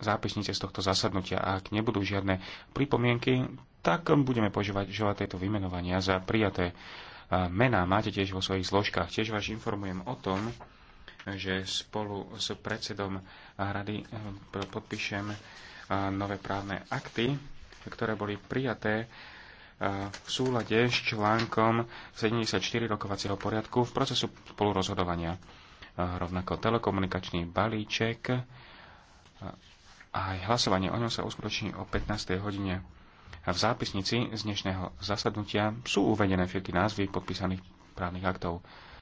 zápisnice z tohto zasadnutia. A ak nebudú žiadne pripomienky, tak budeme požívať tieto vymenovania za prijaté mená. Máte tiež vo svojich zložkách. Tiež vás informujem o tom, že spolu s predsedom rady eh, podpíšem eh, nové právne akty, ktoré boli prijaté eh, v súlade s článkom 74 rokovacieho poriadku v procesu spolurozhodovania. Rovnako telekomunikačný balíček aj hlasovanie o ňom sa uskutoční o 15. hodine. A v zápisnici z dnešného zasadnutia sú uvedené všetky názvy podpísaných právnych aktov.